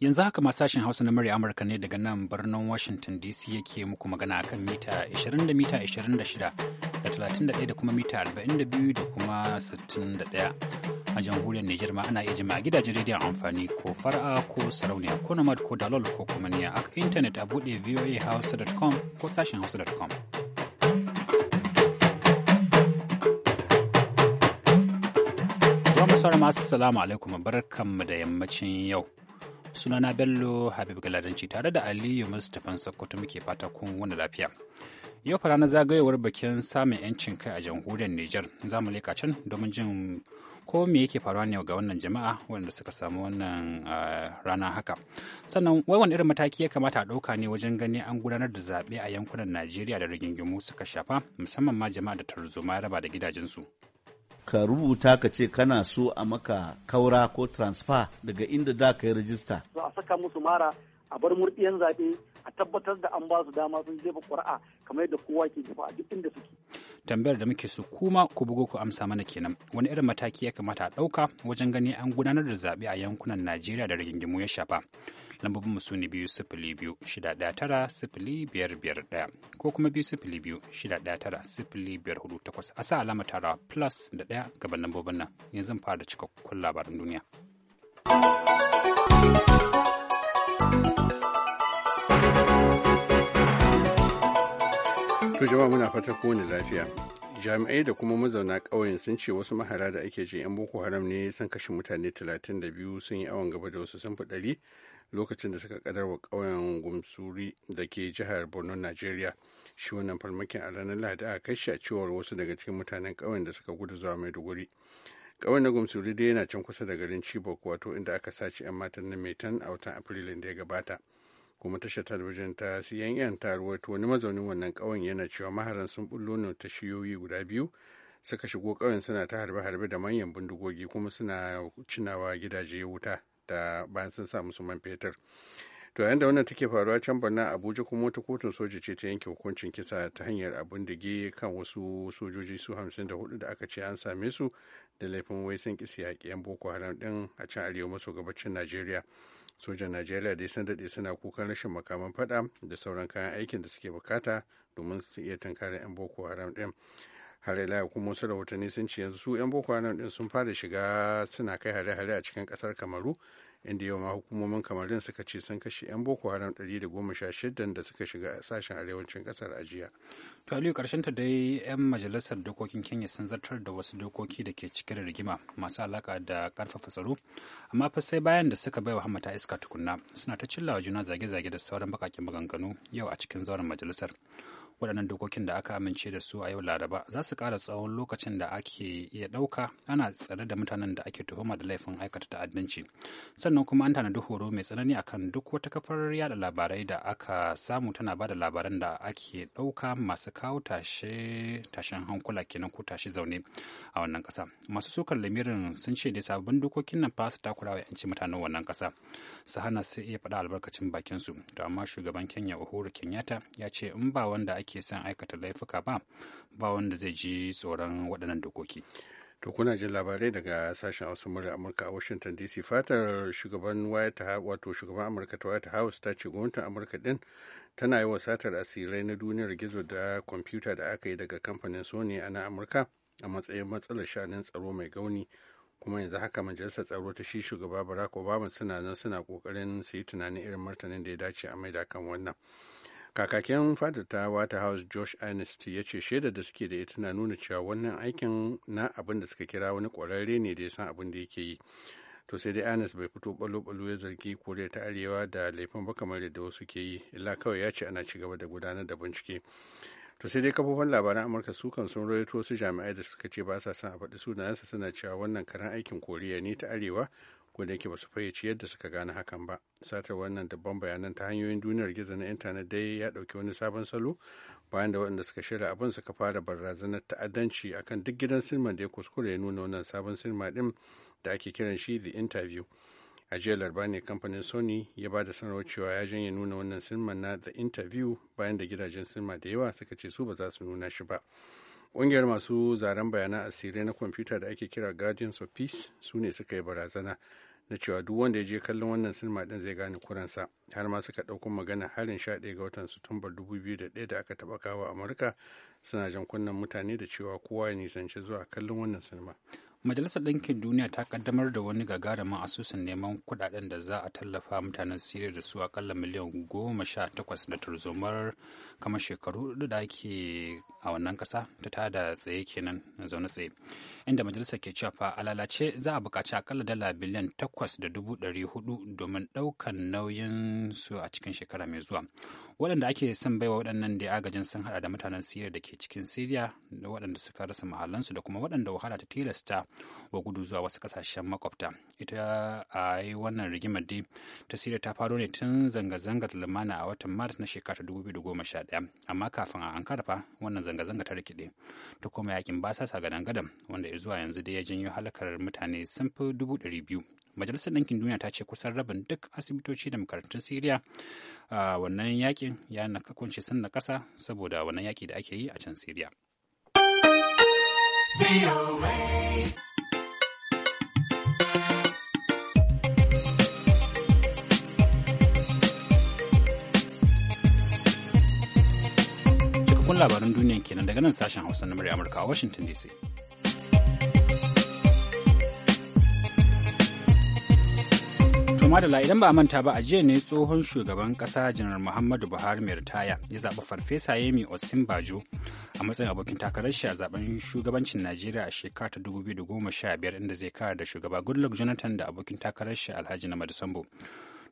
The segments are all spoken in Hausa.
Yanzu haka ma sashen Hausa na murya Amurka ne daga nan birnin Washington DC yake muku magana akan mita 20 da mita 26 da 31 da kuma mita 42 da kuma 61. A jamhuriyar Nijar ma ana iya jima a gidajen rediyon amfani ko fara'a ko sarauniya ko nomad ko dalol ko kuma niya a intanet a buɗe voahausa.com ko sashen hausa.com. Zuwa masu salamu alaikum barkanmu da yammacin yau. sunana bello habib galadanci tare da aliyu mustapha sokoto muke fata kun wani lafiya yau fara na zagayowar bikin samun yancin kai a jamhuriyar niger za mu leka can domin jin ko me yake faruwa ne ga wannan jama'a wanda suka samu wannan rana haka sannan wai wani irin mataki ya kamata a ɗauka ne wajen gani an gudanar da zaɓe a yankunan najeriya da rigingimu suka shafa musamman ma jama'a da tarzoma ya raba da gidajensu ka rubuta ka ce kana so a maka kaura ko transfer daga inda da ka yi rajista. Za a saka musu mara a bar murɗiyan zaɓe a tabbatar da an ba su dama sun jefa ƙuri'a kamar yadda kowa ke jefa a duk inda suke. Tambayar da muke su kuma ku bugo ku amsa mana kenan wani irin mataki ya kamata a ɗauka wajen gani an gudanar da zaɓe a yankunan Najeriya da rigingimu ya shafa. lambobin mu ne biyu sifili biyu shida ɗaya tara sifili biyar biyar ɗaya ko kuma biyu sifili biyu shida ɗaya tara sifili biyar hudu takwas a sa alama tara plus da ɗaya gaban lambobin nan yanzu fara cikakkun labaran duniya. To jama muna fata kowane lafiya. Jami'ai da kuma mazauna ƙauyen sun ce wasu mahara da ake jin 'yan Boko Haram ne sun kashe mutane 32 sun yi awon gaba da wasu sun fi lokacin da suka kadar wa kauyen gumsuri da ke jihar borno nigeria shi wannan farmakin a ranar lahadi a kai shi a cewar wasu daga cikin mutanen kauyen da suka gudu zuwa maiduguri ƙauyen na gumsuri dai yana can kusa da garin chibok wato inda aka sace 'yan matan na metan a watan afrilun da ya gabata kuma tashar talabijin ta cnn ta ruwaito wani mazaunin wannan ƙauyen yana cewa maharan sun bullo ne ta shiyoyi guda biyu suka shigo kauyen suna ta harbe-harbe da manyan bindigogi kuma suna cinawa gidaje wuta da bayan sun sa musu man fetur to yayin da wannan take faruwa can a abuja kuma wata kotun soja ce ta yanke hukuncin kisa ta hanyar abin dige kan wasu sojoji su hamsin da hudu da aka ce an same su da laifin wai sun kisa yaƙi boko haram din a can arewa maso gabacin najeriya sojan najeriya dai sun daɗe suna kukan rashin makaman faɗa da sauran kayan aikin da suke bukata domin su iya tunkarar 'yan boko haram din. har ila kuma wasu rahotanni sun ce yanzu su 'yan boko haram din sun fara shiga suna kai hare-hare a cikin kasar kamaru inda yau ma hukumomin kamarin suka ce sun kashe 'yan boko haram 116 da suka shiga sashen arewacin kasar a jiya. to aliyu karshen ta dai 'yan majalisar dokokin kenya sun zartar da wasu dokoki da ke cike da rigima masu alaka da karfafa tsaro amma fa sai bayan da suka baiwa hamata iska tukunna suna ta cillawa juna zage-zage da sauran bakakin maganganu yau a cikin zauren majalisar waɗannan dokokin da aka amince da su a yau laraba za su ƙara tsawon lokacin da ake iya ɗauka ana tsare da mutanen da ake tuhuma da laifin aikata ta'addanci sannan kuma an tanadi horo mai tsanani akan duk wata kafar yada labarai da aka samu tana ba da labaran da ake ɗauka masu kawo tashen hankula kenan ko tashi zaune a wannan ƙasa masu sukar lamirin sun ce da sabbin dokokin nan fa su takura wa 'yanci mutanen wannan ƙasa su hana su iya faɗa albarkacin bakinsu to amma shugaban kenya uhuru kenyatta ya ce in ba wanda ake ke son aikata laifuka ba ba wanda zai ji tsoron waɗannan dokoki to kuna jin labarai daga sashen hausa murya amurka a washington dc fatar shugaban white house wato shugaban amurka ta white house ta ce gwamnatin amurka din tana yi wa satar asirai na duniyar gizo da kwamfuta da aka yi daga kamfanin sony a na amurka a matsayin matsalar shanin tsaro mai gauni kuma yanzu haka majalisar tsaro ta shi shugaba barack obama suna nan suna kokarin su yi tunanin irin martanin da ya dace a maida kan wannan kakakin fadar ta white house josh ernest ya ce shaidar da suke da ita na nuna cewa wannan aikin na abin da suka kira wani kwararre ne da ya san abin da yake yi to sai dai ernest bai fito balo-balo ya zargi koriya ta arewa da laifin ba kamar yadda wasu ke yi illa kawai ya ce ana ci gaba da gudanar da bincike to sai dai kafofin labaran amurka su kan sun rawaito wasu jami'ai da suka ce ba sa son a faɗi sunayensa suna cewa wannan karan aikin koriya ne ta arewa ko da yake ba su fayyace yadda suka gane hakan ba satar wannan dabban bayanan ta hanyoyin duniyar gizo na intanet dai ya dauki wani sabon salo bayan da waɗanda suka shirya abin suka fara barazanar ta'addanci akan duk gidan sinima da ya kuskure ya nuna wannan sabon sinima din da ake kiran shi the interview a jiya larba ne kamfanin sony ya ba da sanarwar cewa ya janye nuna wannan sinima na the interview bayan da gidajen sinima da yawa suka ce su ba za su nuna shi ba ƙungiyar masu zaren bayanan asirai na kwamfuta da ake kira guardians of peace su ne suka yi barazana da cewa duk wanda ya je kallon wannan sinima din zai gane kuransa har ma suka ɗauko magana harin sha ɗaya ga watan satumbar 2001 da aka taɓa kawo amurka suna jan kunnen mutane da cewa kowa ya nisanci zuwa kallon wannan sinima majalisar ɗinkin duniya ta ƙaddamar da wani gagarumin asusun neman kuɗaɗen da za a tallafa mutanen siriya da su akalla miliyan goma sha takwas da turzumar kamar shekaru hudu da ake a wannan ƙasa ta tada tsaye kenan zaune tsaye inda majalisar ke cewa fa lalace za a buƙaci akalla dala biliyan takwas da dubu ɗari hudu domin ɗaukan nauyin su a cikin shekara mai zuwa waɗanda ake son baiwa waɗannan da agajin sun haɗa da mutanen siriya da ke cikin siriya da waɗanda suka rasa mahallansu da kuma waɗanda wahala ta tilasta wa gudu zuwa wasu ƙasashen makwabta ita a yi wannan rigimar dai ta siriya ta faro ne tun zanga-zangar lumana a watan maris na shekara sha ɗaya amma kafin a ankara fa wannan zanga-zanga ta rikide ta koma yakin basasa gadan-gadan wanda zuwa yanzu dai ya janyo halakar mutane sun fi dubu ɗari biyu majalisar ɗinkin duniya ta ce kusan rabin duk asibitoci da makarantun siriya a wannan yakin ya na kunshi san na ƙasa saboda wannan yaki da ake yi a can siriya cikakkun labaran duniya kenan daga nan sashen hausa na murya amurka a washington dc da madala idan ba a manta ba a jiya ne tsohon shugaban kasa janar Muhammadu Buhari mai ritaya ya zaɓi farfesa Yemi Osinbajo a matsayin abokin takarar shi a zaben shugabancin Najeriya a shekara ta 2015 inda zai kara da shugaba Goodluck Jonathan da abokin takarar shi Alhaji Namadu Sambo.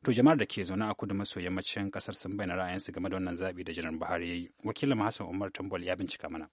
To jama'ar da ke zaune a kudu maso yammacin kasar sun bayyana ra'ayinsu game da wannan zaɓi da janar Buhari ya yi. Wakilin Hassan Umar Tambol ya bincika mana.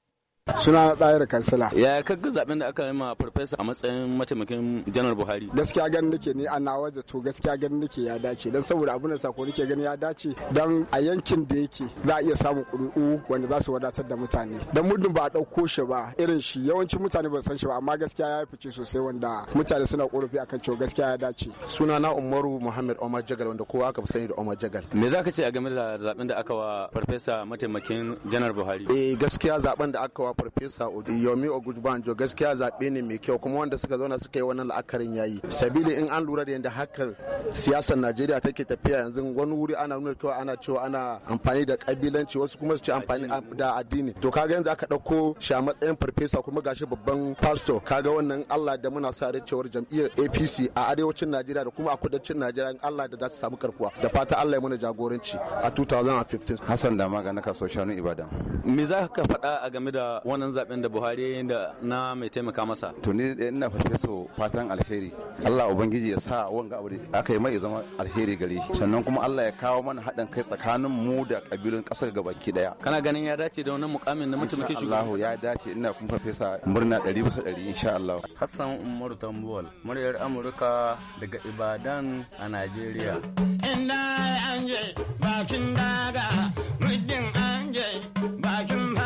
Suna na ɗayar kansila. Ya ka ga zaben da aka yi ma farfesa a matsayin mataimakin janar Buhari? Gaskiya ganin nake ni a nawa zato gaskiya ganin nake ya dace don saboda abin da sako nake gani ya dace don a yankin da yake za a iya samun ƙuri'u wanda za su wadatar da mutane. don muddin ba a ɗauko shi ba irin shi yawancin mutane ba san shi ba amma gaskiya ya fice sosai wanda mutane suna ƙorafi akan cewa gaskiya ya dace. Suna na Umaru Muhammad Omar Jagal wanda kowa aka sani da Omar Jagal. Me za ka ce a game da zaben da aka wa farfesa mataimakin janar Buhari? Eh gaskiya zaben da aka wa farfesa yomi ogujbanjo gaskiya zaɓe ne mai kyau kuma wanda suka zauna suka yi wannan la'akarin yayi sabili in an lura da yadda hakar siyasar najeriya take tafiya yanzu wani wuri ana nuna cewa ana cewa ana amfani da kabilanci wasu kuma su ce amfani da addini to kaga yanzu aka ɗauko shi a matsayin farfesa kuma gashi babban pastor kaga wannan allah da muna sa cewar jam'iyyar apc a arewacin najeriya da kuma a kudancin najeriya in allah da za ta samu karkuwa da fata allah ya mana jagoranci a 2015 hassan da magana kaso shanu ibadan me za ka faɗa a game da wannan zaben da Buhari da na mai taimaka masa. To ni ina fashe so fatan alheri. Allah ubangiji ya sa wanga abu aka yi mai zama alheri gare shi. Sannan kuma Allah ya kawo mana haɗin kai tsakanin mu da kabilun ƙasar gabaki daya. Kana ganin ya dace da wannan mukamin na mataimakin shugaba. Allah ya dace ina kuma farfesa murna ɗari bisa ɗari insha Allah. Hassan Umar Tambuwal, muryar Amurka daga Ibadan a Najeriya. Inda an bakin daga muddin an je bakin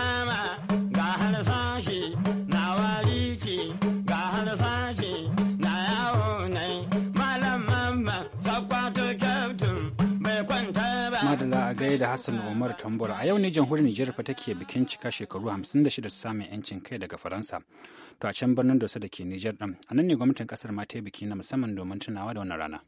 da Hassan Umar Tambora a yau ne jamhuriyar Nijar fa take bikin cika shekaru 56 samun yancin kai daga Faransa. To a can birnin Dosa da ke Nijar din. A nan ne gwamnatin kasar ma ta yi biki na musamman domin tunawa da wannan rana.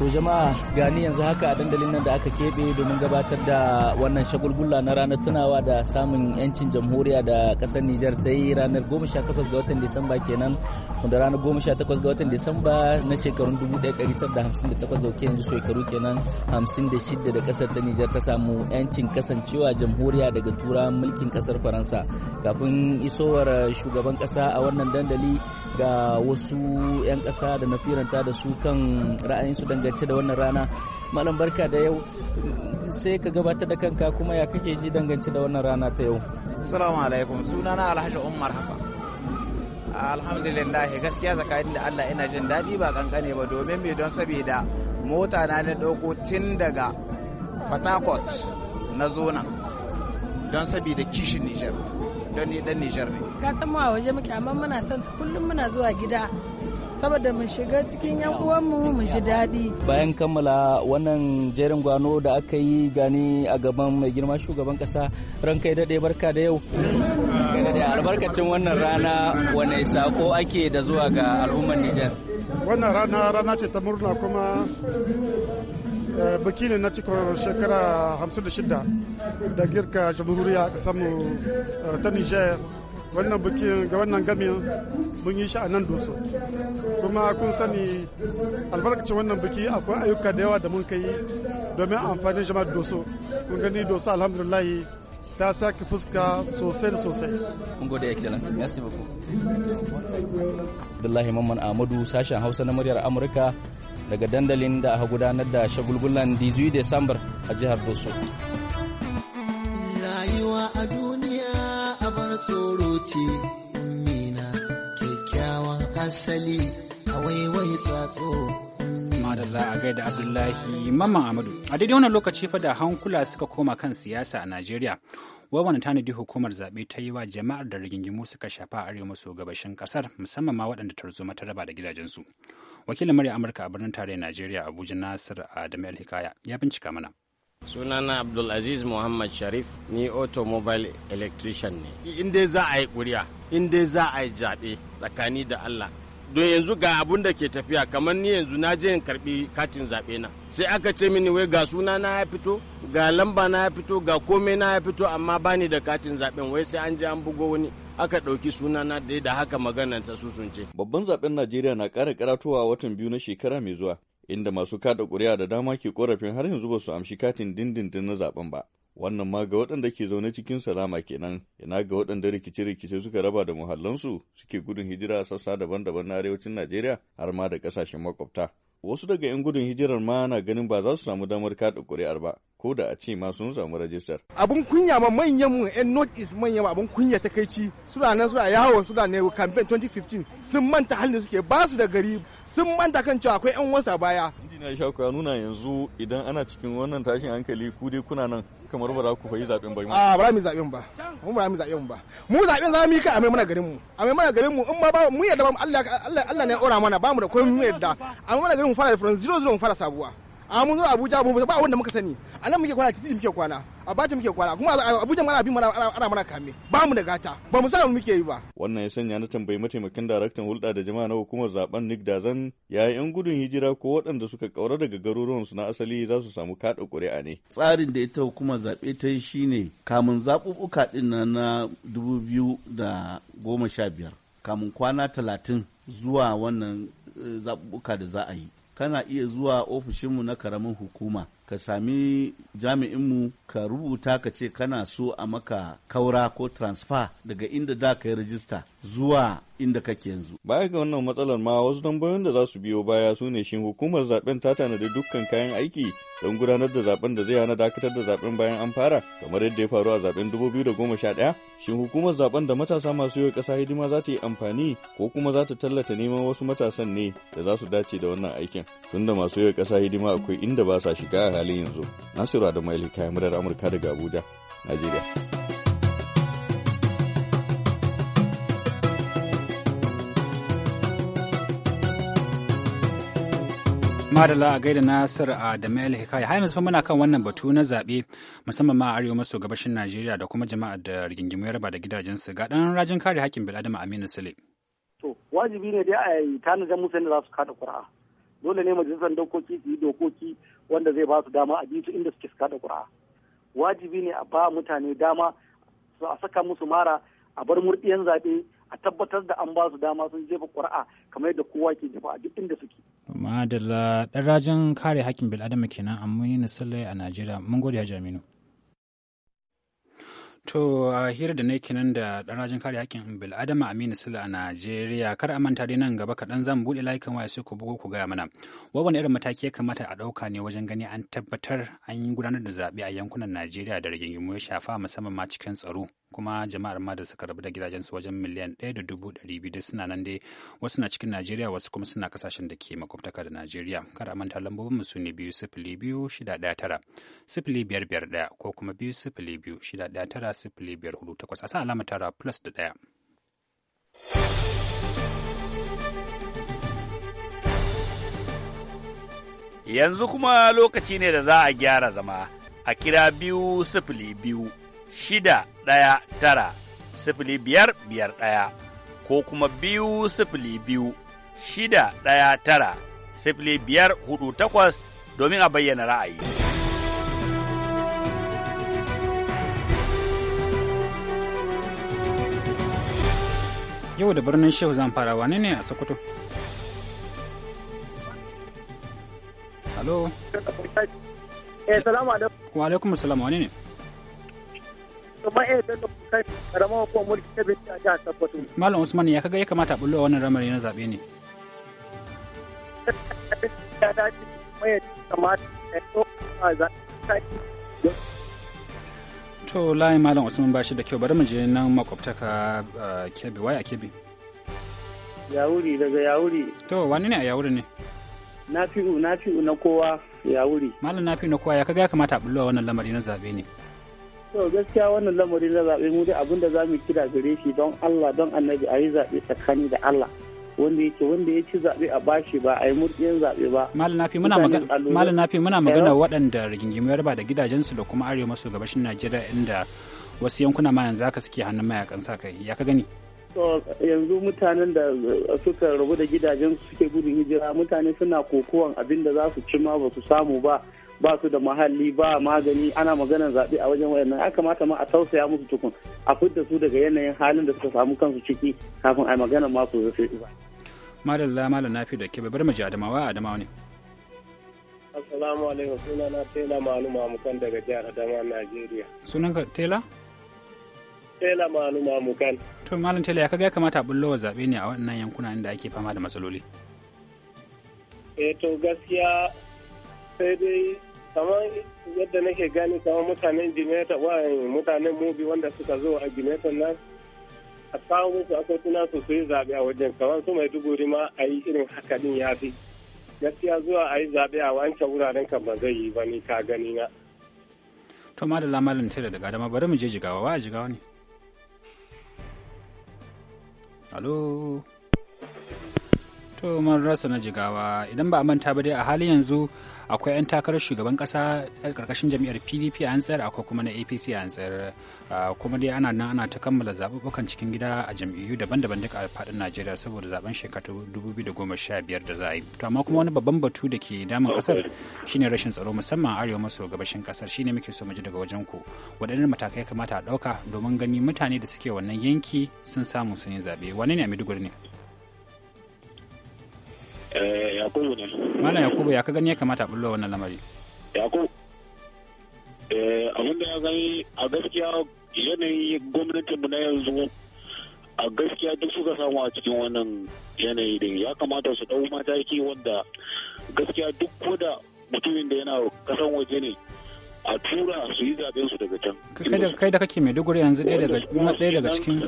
To jama'a gani yanzu haka a dandalin nan da aka keɓe domin gabatar da wannan shagulgula na ranar tunawa da samun 'yancin jamhuriya da ƙasar Nijar ta yi ranar 18 ga watan Disamba kenan wanda ranar 18 ga watan Disamba na shekarun 1958 zauke yanzu shekaru kenan 56 da ƙasar ta Nijar ta samu 'yancin kasancewa jamhuriya daga tura mulkin ƙasar Faransa kafin isowar shugaban ƙasa a wannan dandali ga wasu 'yan ƙasa da na firanta da su kan ra'ayinsu dangane dangance da wannan rana malam barka da yau sai ka gabatar da kanka kuma ya kake ji dangance da wannan rana ta yau assalamu alaikum suna na alhaji umar hassan alhamdulillah gaskiya tsakanin da allah ina jin daɗi ba kankane ba domin me don saboda mota na na ɗauko tun daga fatakot na zona don saboda kishin nijar don ni dan nijar ne ka san mu a waje muke amma muna son kullum muna zuwa gida saboda mu shiga cikin yan uwanmu mu ji daɗi. Bayan kammala wannan jerin gwano da aka yi gani a gaban mai girma shugaban kasa ranka ya daɗe barka da yau. Da albarkacin wannan rana wane sako ake da zuwa ga al'ummar Nijar. Wannan rana rana ce ta murna kuma eh, biki na cikin shekara 56 da girka jamhuriya ƙasarmu eh, ta Nijar. wannan bikin ga wannan gamin mun yi shi a nan doso kuma kun sani albarkacin wannan biki akwai ayyuka da yawa da mun kai domin amfanin jama'a doso kun gani doso alhamdulillah ta sake fuska sosai da sosai. Mun gode excellence, merci beaucoup. Abdullahi Mamman Ahmadu sashen Hausa na muryar Amurka daga dandalin da aka gudanar da shagulgulan 18 Desambar a jihar Doso. Rayuwa a duniya abar tsoro ce ummina kyakkyawan asali a waiwai tsatso madalla a gaida abdullahi mamman amadu a daidai wannan lokaci fa da hankula suka koma kan siyasa a najeriya wai wani tanadi hukumar zaɓe ta yi wa jama'ar da rigingimu suka shafa a arewa maso gabashin ƙasar musamman ma waɗanda tarzoma ta raba da gidajensu wakilin murya amurka a birnin tarayyar najeriya abuja nasir adamu hikaya ya bincika mana sunana abdulaziz muhammad sharif ni automobile electrician ne inda za a yi ƙuri'a inda za a yi zaɓe tsakani da allah don yanzu ga abun da ke tafiya kamar ni yanzu na je in karbi katin zaɓe na sai aka ce mini wai ga suna na ya fito ga lamba na ya fito ga komai na ya fito amma bani da katin zaɓen wai sai an je an bugo wani aka ɗauki sunana da da haka maganar ta susunce. Babban zaɓen Najeriya na ƙara karatuwa watan biyu na shekara mai zuwa, inda masu kada kuri'a da dama ke korafin har yanzu ba su amshi katin dindindin na zaben ba. Wannan ma ga waɗanda ke zaune cikin salama kenan, ina ga waɗanda rikice-rikice suka raba da muhallansu suke gudun hijira a sassa daban-daban na arewacin Najeriya har ma da ƙasashen makwabta. Wasu daga 'yan gudun hijirar ma na ganin ba za su samu damar kada kuri'ar ba, ko da a ce ma sun samu rajistar. Abun kunya ma manyan mu yan eh, North East manyan abun kunya ta kai ci suna nan suna yawo suna ne campaign 2015 sun manta halin da suke ba su da gari sun manta kan cewa akwai yan wasa baya. Ina sha ku nuna yanzu idan ana cikin wannan tashin hankali ku dai kuna nan kamar ba za ku fayi zaɓen ba. Ah ba mu zaɓen ba. Mu ba mu zaɓen ba. Mu zaɓen za mu yi ka a mai mana garin mu. A mai mana garin mu in ma ba mu yadda ba Allah Allah Allah ne ya ora mana ba mu da komai mu yadda A mai mana garin mu fara from 00 mu fara sabuwa. a mun zo Abuja mun ba wanda muka sani a nan muke kwana titi muke kwana a bace muke kwana kuma Abuja mana bi ana mana kame ba mu da gata ba mu san muke yi ba wannan ya sanya na tambayi mataimakin daraktan hulɗa da jama'a na hukumar zaben Nick Dazan ya yan gudun hijira ko waɗanda suka kaura daga garuruwan su na asali za su samu kaɗa ƙuri'a ne tsarin da ita hukumar zaɓe ta yi shine kamun zaɓuɓɓuka ɗin na dubu biyu da goma sha biyar kamun kwana talatin zuwa wannan eh, zaɓuɓɓuka da za a yi kana iya zuwa ofishinmu na karamin hukuma ka sami jami'inmu ka rubuta ka ce kana so a maka kaura ko transfer daga inda da ka yi rajista zuwa inda kake yanzu. Baya ga wannan matsalar ma wasu tambayoyin da za su biyo baya su ne shin hukumar zaben ta tanadi dukkan kayan aiki don gudanar da zaben da zai hana dakatar da zaben bayan an fara kamar yadda ya faru a zaben da sha 2011 shin hukumar zaben da matasa masu yau ƙasa hidima za ta yi amfani ko kuma za ta tallata neman wasu matasan ne da za su dace da wannan aikin tunda masu yau ƙasa hidima akwai inda ba sa shiga a halin yanzu nasiru adamu kayan murar amurka daga abuja najeriya madala a gaida nasir a hikaya har yanzu muna kan wannan batu na zaɓe musamman ma a arewa maso gabashin najeriya da kuma jama'ar da rigingimu ya raba da gidajensu ga ɗan rajin kare hakkin bil'adama aminu sule to wajibi ne dai a yi tanadar musu da za su kada ƙura'a dole ne majalisar dokoki su yi dokoki wanda zai ba su dama a su inda suke suka da ƙura wajibi ne a ba mutane dama su a saka musu mara a bar murɗiyan zaɓe a tabbatar da an ba su dama sun jefa ƙuri'a kamar yadda kowa ke jefa a duk inda suke. Madalla ɗan rajin kare hakkin bil'adama kenan amma yin a Najeriya mun gode ya Jaminu. To a hira da nake nan da ɗan rajin kare haƙƙin bil'adama Aminu Sula a Najeriya kar a manta dai nan gaba kaɗan zan buɗe layukan waya sai ku bugo ku gaya mana. Wawan irin mataki ya kamata a ɗauka ne wajen gani an tabbatar an yi gudanar da zaɓe a yankunan Najeriya da rigingimu ya shafa musamman ma cikin tsaro kuma jama'ar ma da suka rabu da gidajensu wajen miliyan ɗaya da dubu ɗari biyu da suna nan dai wasu na cikin Najeriya wasu kuma suna kasashen da ke makwabtaka da Najeriya. Kar a manta lambobin mu su ne biyu sifili biyu shida ɗaya tara sifili biyar biyar ɗaya ko kuma biyu sifili biyu shida ɗaya tara ɗaya sifili biyar hudu takwas a sa alama tara plus da ɗaya. Yanzu kuma lokaci ne da za a gyara zama a kira biyu sifili biyu shida ɗaya tara sifili biyar biyar ɗaya ko kuma biyu sifili biyu shida ɗaya tara sifili biyar hudu takwas domin a bayyana ra'ayi. Yau da birnin Shehu zan fara wane ne a Sokoto? Halo. Eh, wa alaikum salam wane ne? Eh, Malam Usman ya kaga ya kamata a wannan ramari na zabe ne. Ya dace kuma kamata to layin malam usman bashi da kyau bari mu je nan makwabtaka kebe wai a kebe yawuri daga yawuri to wani ne a yawuri ne fi u na na kowa yawuri malam na nafi'u na kowa ya kaga ya kamata a bullo wannan lamari na zabe ne to gaskiya wannan lamari na zabe mu dai abinda zamu kira gare shi don Allah don Annabi a yi zabe tsakani da Allah wanda yake wanda ya ci zaɓe a bashi ba a yi murɗiyar zaɓe ba. Malin Nafi muna magana muna eh? magana waɗanda rigingimu ya da gidajensu da kuma arewa maso gabashin Najeriya inda wasu yankuna ma yanzu haka suke hannun mayakan sa kai ya ka gani. yanzu mutanen da eh, suka rabu da gidajen suke gudun hijira mutane suna kokowan abin da za su ci ma ba su samu ba ba su da mahalli ba magani ana maganar zaɓe a wajen wayannan ya kamata ma a tausaya musu tukun a fidda su daga yanayin halin da suka samu kansu ciki kafin a magana ma su zafi ba. madalla malam fi da ke bar maji adamawa adamawa ne assalamu alaikum suna na tela maluma mukan daga jihar adama najeriya sunan ka tela tela maluma mukan to malam tela ya kaga ya kamata a wa zaɓe ne a wannan yankuna inda ake fama da matsaloli eh to gaskiya sai dai kamar yadda nake gani kamar mutanen jimeta wa mutanen mobi wanda suka zo a jimeta nan a kawo musu akwatuna su su yi zaɓe a wajen kamar su mai duguri ma a yi irin haka ya fi gaskiya zuwa a yi zaɓe a wancan wuraren kan ba zai yi ba ni ka gani na. to ma da daga dama bari mu je jigawa wa jigawa ne. alo to mun rasa na jigawa idan ba a manta ba dai a halin yanzu akwai 'yan takarar shugaban kasa karkashin jami'ar pdp a hantsar akwai kuma na apc a hantsar kuma dai ana nan ana ta kammala zaɓuɓɓukan cikin gida a jam'iyyu daban-daban duka a faɗin najeriya saboda zaben shekaru 2015 da za a yi to amma kuma wani babban batu da ke damun kasar shine rashin tsaro musamman arewa maso gabashin kasar shine muke so mu ji daga wajen ku waɗannan matakai kamata a ɗauka domin gani mutane da suke wannan yanki sun samu sun yi zaɓe wane ne a maiduguri ne Eh, yakubu ne. Malam Yakubu ya ka gani ya kamata a bullo wannan lamari. Yakubu. Eh, abin da ya gani a gaskiya yanayi gwamnatinmu na yanzu a gaskiya duk suka samu a cikin wannan yanayi din ya kamata su ɗau mataki wanda gaskiya duk koda mutumin da yana kasan waje ne a tura su yi zaben su daga can kai da kake mai maiduguri yanzu ɗaya daga cikin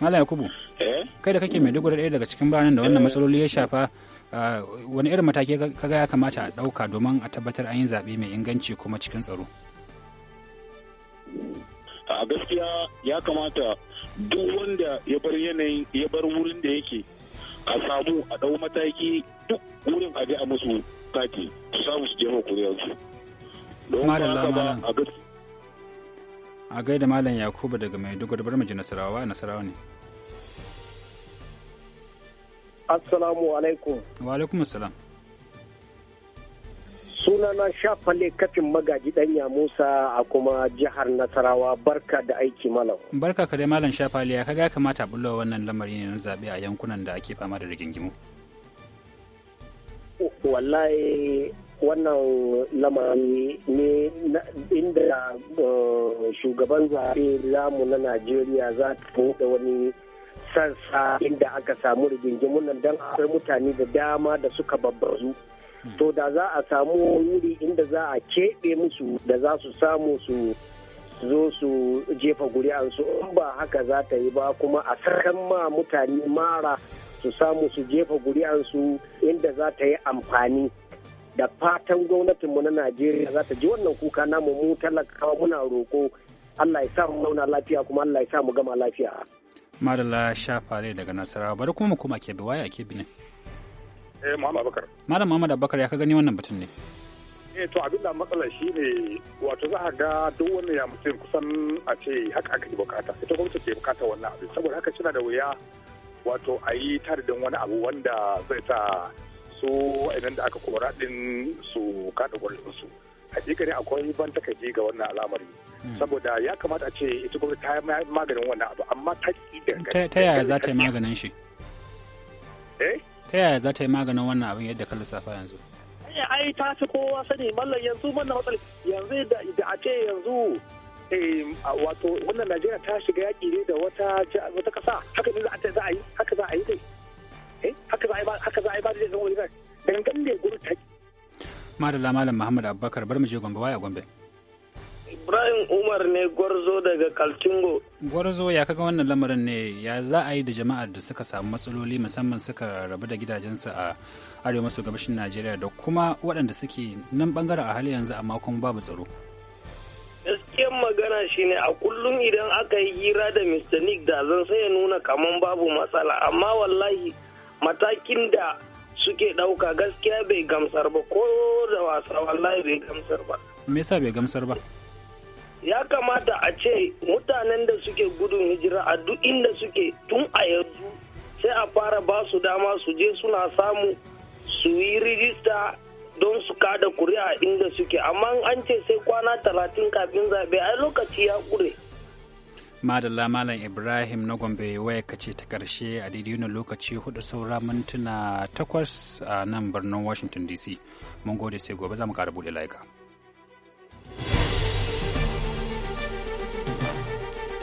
malam yakubu eh? kai da kake maiduguri ɗaya daga cikin bayanan da wannan matsaloli ya shafa Eh, wani irin mataki kaga ya kamata a ɗauka domin a tabbatar an yi zaɓe mai inganci kuma cikin tsaro a gaskiya ya kamata duk wanda ya bar yanayin ya bar wurin da yake a samu a ɗau mataki duk wurin a a musu kati su samu su jefa kuriyarsu a a gaida malam yakubu daga mai bar mu ji nasarawa nasarawa ne Assalamu alaikum. Wa alaikum assalam. Sunana Shafale Kafin Magaji ɗanya Musa a kuma jihar Nasarawa barka da aiki malam. Barka ka dai malam Shafale ya kaga kamata bullo wannan lamari ne na zaɓe a yankunan da ake fama da rigingimu. Wallahi wannan lamari ne inda eh, shugaban zaɓe lamu na Najeriya za ta wani sansa inda aka samu rigingimun nan don akwai mutane da dama da suka babbazu hmm. to da za a samu wuri inda za a keɓe musu da za su samu su zo su jefa guri'ansu in ba haka za ta yi ba kuma a sakan ma mutane mara su samu su jefa guri'ansu inda za ta yi amfani da fatan gwamnatinmu na najeriya za ta ji wannan kuka namu mu talakawa muna roko allah ya sa mu launa lafiya kuma allah ya sa mu gama lafiya Madalla Shafare daga Nasarawa bari kuma mu koma Kebbi waye a Kebbi ne. Eh Muhammad Abubakar. Malam Muhammad Abubakar ya ka gani wannan batun ne. eh to abin da matsala shi ne wato za a ga duk wani ya mutum kusan a ce haka aka yi bukata ita gwamnati ke bukata wannan abin saboda haka suna da wuya wato a yi tarihin wani abu wanda zai sa su a da aka kora din su kada gwarin su hakikani akwai ban takaici ga wannan al'amari hmm. saboda ya kamata a ce ita gwamnati ta maganin wannan abu amma ta ki da ta yaya za ta yi maganin shi eh ta yaya za ta yi maganin wannan abin yadda ka lissafa yanzu ai ta ci kowa sani mallan yanzu wannan matsala yanzu da a ce yanzu wato wannan Najeriya ta shiga yaki ne da wata wata kasa haka ne za a yi haka za a yi dai eh haka za a yi haka za a yi ba da zan wani da gangan ne gurin ta madalla malam muhammad abubakar bar mu je gombe waya gombe ibrahim umar ne gwarzo daga kaltingo gwarzo ya kaga wannan lamarin ne ya za a yi da jama'ar da suka samu matsaloli musamman suka rabu da gidajensu a arewa maso gabashin najeriya da kuma waɗanda suke nan bangaren a hali yanzu amma kuma babu tsaro gaskiyan magana shine a kullum idan aka yi hira da mr nick da zan sai ya nuna kaman babu matsala amma wallahi matakin da suke ɗauka gaskiya bai gamsar ba ko da wasa wallahi bai gamsar ba. Me yasa bai gamsar ba? Ya kamata a ce mutanen da suke gudun hijira a duk inda suke tun a yanzu sai a fara ba su dama su je suna samu su yi rijista don su kada kuri'a inda suke amma an ce sai kwana talatin kafin zaɓe ai lokaci ya ƙure. madalla malam ibrahim na gombe waya kace ta karshe a daidai lokaci hudu saura mintuna takwas a nan birnin washington dc mun gode sai gobe za mu kara bude layuka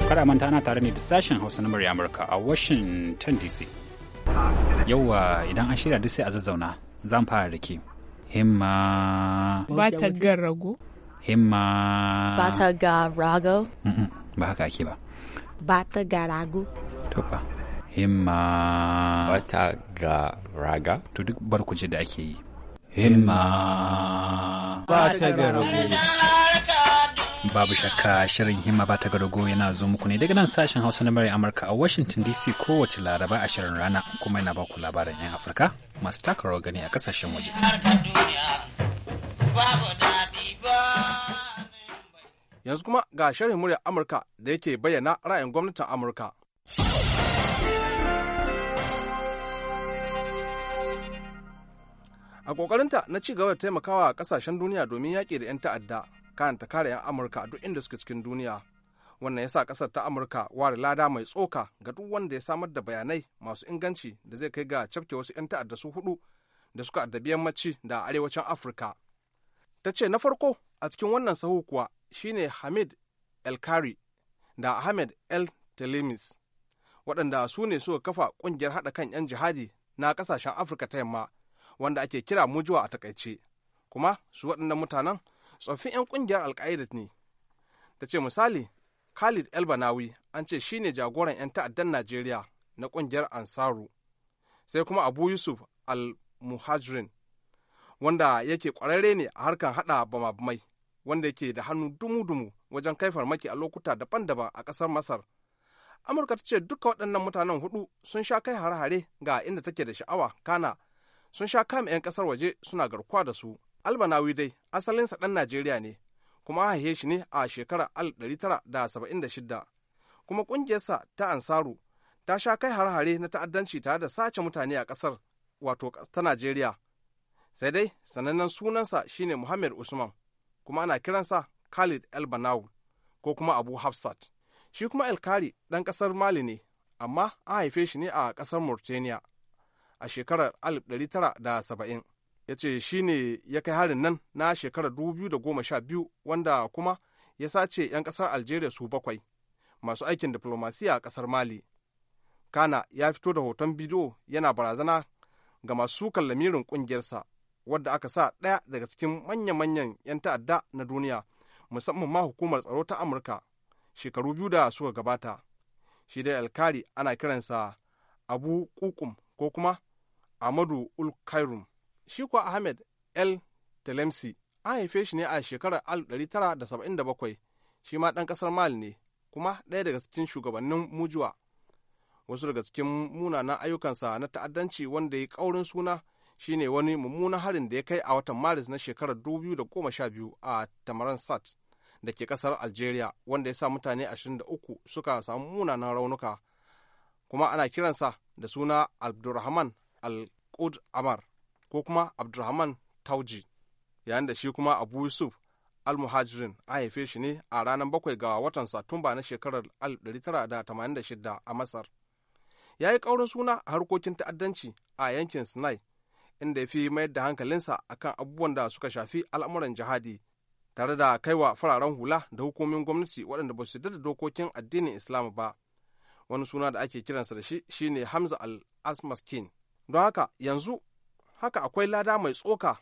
kada manta ana tare ne da sashen hausa na murya amurka a washington dc yauwa idan an shirya duk sai a zazzauna zan fara da ke himma ba ta ga rago himma ba ta ga rago ba haka ake ba bata garagu tofa himma bata garaga to duk barkuje da ake yi himma bata garagu babu shakka shirin himma ba ta garago yana zo muku ne daga nan sashen hausa na Mare amurka a washington dc kowace laraba a shirin rana kuma yana baku labaran 'yan afirka masu taka gani a kasashen waje Yanzu kuma ga sharhin muryar Amurka da yake bayyana ra'ayin gwamnatin Amurka. A ƙoƙarinta na ci gaba da taimakawa ƙasashen duniya domin yaƙi da 'yan ta'adda, kan ta kare 'yan Amurka duk inda suke cikin duniya. Wannan ya sa ƙasar ta Amurka ware lada mai tsoka ga duk wanda ya samar da bayanai masu inganci da zai kai ga cafke wasu 'yan ta'adda su hudu da suka addabi yammaci da arewacin Afirka. Ta ce na farko a cikin wannan sahu kuwa shine Hamid el Elkari da Ahmed El Telemis, waɗanda su ne suka kafa ƙungiyar haɗa kan 'yan jihadi na ƙasashen Afirka ta yamma, wanda ake kira mujuwa a takaice. Kuma su waɗannan mutanen tsoffin 'yan ƙungiyar Alƙa'idat ne. Ta ce misali, Khalid el-Banawi an ce shi ne jagoran 'yan ta'addan Najeriya na ƙungiyar Ansaru. Sai kuma Abu Yusuf Al-Muhajirin, wanda yake ƙwararre ne a harkar haɗa bama-bamai. wanda yake da hannu dumu-dumu wajen kai farmaki a lokuta daban-daban a ƙasar Masar. Amurka ta ce duka waɗannan mutanen hudu sun sha kai hare-hare ga inda take da sha'awa kana sun sha kama 'yan ƙasar waje suna garkuwa da su. Albanawi dai asalinsa ɗan Najeriya ne kuma an shi ne a da 1976 kuma ƙungiyarsa ta Ansaru ta sha kai hare-hare na ta'addanci tare da sace mutane a ƙasar wato ta Najeriya. Sai dai sanannen sunansa shine Muhammad Usman. kuma ana kiransa Khalid El ko kuma Abu Hafsat. Shi kuma El Kari ɗan ƙasar Mali ne, amma an haife shi ne a ƙasar Mauritania a shekarar 1970. Ya ce shi ne ya kai harin nan na shekarar 2012 wanda kuma ya sace 'yan ƙasar Algeria su bakwai masu aikin diplomasiya a ƙasar Mali. Kana ya fito da hoton bidiyo yana barazana ga masu kallamirin ƙungiyarsa wadda aka sa ɗaya daga cikin manya-manyan 'yan ta'adda na duniya musamman ma hukumar tsaro ta amurka shekaru biyu da suka gabata shi dai alkali ana kiransa abu kukum ko kuma amadu ulkairum shi kuwa ahmed el telemsi an haife shi ne a shekarar 1977 shi ma ɗan ƙasar mali ne kuma ɗaya daga cikin shugabannin mujuwa wasu daga cikin munanan ayyukansa na ta'addanci wanda ya ƙaurin suna shine wani mummunan harin da ya kai a watan maris na shekarar 2012 a tamaran sat da ke kasar algeria wanda ya sa mutane 23 suka samu munanan raunuka kuma ana kiransa da suna abdulrahman al amar ko kuma abdulrahman tauji yayin da shi kuma abu yusuf al-muhajirin an haife shi ne a ranar bakwai ga watan satumba na shekarar 1986 a masar ya yi ƙaurin suna a harkokin ta'addanci a yankin sinai inda ya fi mayar da hankalinsa akan abubuwan da suka shafi al'amuran jihadi tare da kaiwa fararen hula da hukumomin gwamnati waɗanda ba su da dokokin addinin islam ba wani suna da ake kiransa da shi shine hamza al-asmaskin don haka yanzu haka akwai lada mai tsoka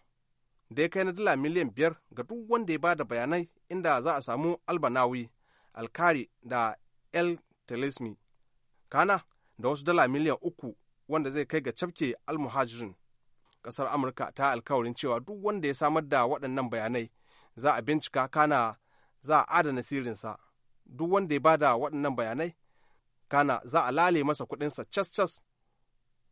da ya kai na dala miliyan biyar ga duk wanda ya ba da bayanai inda za a samu albanawi alkari da el talismi kana da wasu dala miliyan uku wanda zai kai ga cafke almuhajirin kasar amurka ta alkawarin cewa duk wanda ya samar da waɗannan bayanai za a bincika kana za a adana sirrinsa duk wanda ya bada waɗannan bayanai kana za a lale masa kuɗinsa cas-cas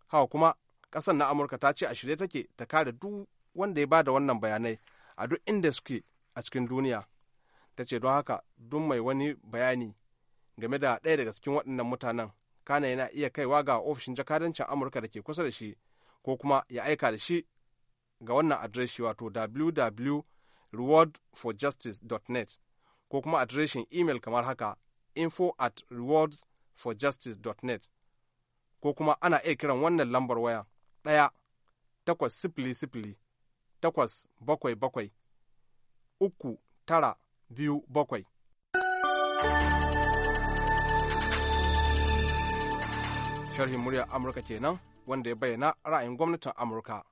hawa kuma ƙasar na amurka ta ce a shirye take ta kare duk wanda ya bada wannan bayanai a duk inda suke a cikin duniya ta ce don haka duk mai wani bayani game da ɗaya daga cikin waɗannan mutanen kana yana iya kaiwa ga ofishin jakadancin amurka da ke kusa da shi ko kuma ya aika da shi ga wannan adireshi wato www.rewardforjustice.net ko kuma adireshin imel kamar haka info at rewardsforjustice.net ko kuma ana iya kiran wannan lambar waya ɗaya takwas sifili sifili takwas bakwai bakwai uku tara biyu bakwai. Sharhin muryar Amurka kenan wanda ya bayyana ra'ayin gwamnatin Amurka.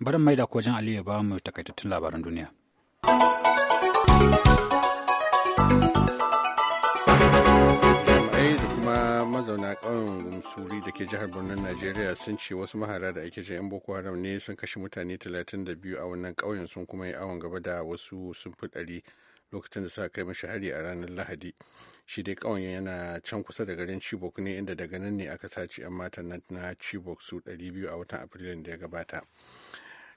Barin maida kojin Aliyu ba mu takaitattun labaran duniya. kuma mazauna ƙauyen gumsuri da ke jihar birnin najeriya sun ce wasu mahara da ake yan boko haram ne sun kashe mutane 32 a wannan ƙauyen sun kuma yi awon gaba da wasu sun fi ɗari lokacin da suka kai mashi hari a ranar lahadi shi dai kawai yana can kusa da garin chibok ne inda daga nan ne aka sace 'yan matan na chibok su 200 a watan afrilun da ya gabata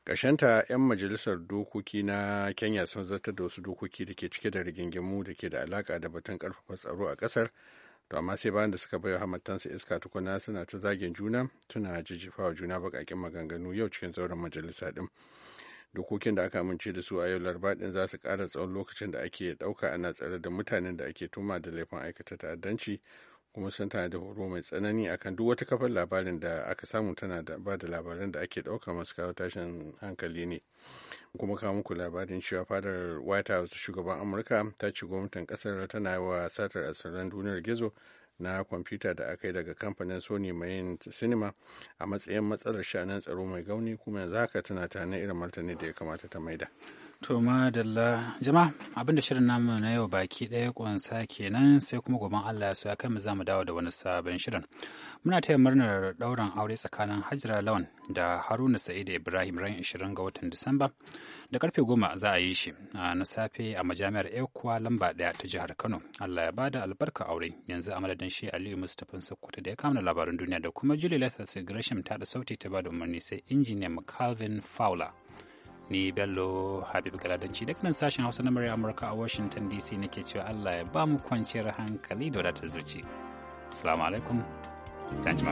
ƙarshenta 'yan majalisar dokoki na kenya sun zartar da wasu dokoki da ke cike da rigingimu da ke da alaka da batun ƙarfafa tsaro a ƙasar to amma sai bayan da suka bai hamattansu iska tukuna suna ta zagin juna tuna jijjifawa juna baƙaƙen maganganu yau cikin zauren majalisa ɗin dokokin da aka amince da su a yau laraba din za su kara tsawon lokacin da ake ɗauka ana tsare da mutanen da ake tuma da laifin aikata ta'addanci kuma sun tana da horo mai tsanani akan duk wata kafar labarin da aka samu tana da ba da labaran da ake ɗauka masu kawo tashin hankali ne kuma kawo muku labarin cewa fadar white house shugaban amurka ta ce gwamnatin ƙasar tana yawa satar asirin duniyar gizo na kwamfuta da aka yi daga kamfanin sony mai yin sinima a matsayin matsalar shanun tsaro mai gauni kuma yanzu haka tana tana irin martani da ya kamata ta maida To madalla jama'a abinda shirin namu na yau baki ɗaya ƙunsa kenan sai kuma goben Allah ya kai mu za mu dawo da wani sabon shirin. Muna taya murnar ɗaurin aure tsakanin Hajira Lawan da Haruna Sa'id Ibrahim ran 20 ga watan Disamba da karfe goma za a yi shi na safe a majami'ar Ekuwa lamba ɗaya ta jihar Kano. Allah ya bada albarka aure yanzu a madadin shi Aliyu Mustapha Sokoto da ya kama labarin duniya da kuma Julie Lethal Gresham ta da sauti ta bada umarni sai injiniyan Calvin Fowler. ni bello habib galadanci daga nan sashen hausa na murya amurka a washington dc nake cewa allah ya ba mu kwanciyar hankali da wadatar zuci assalamu alaikum sanjima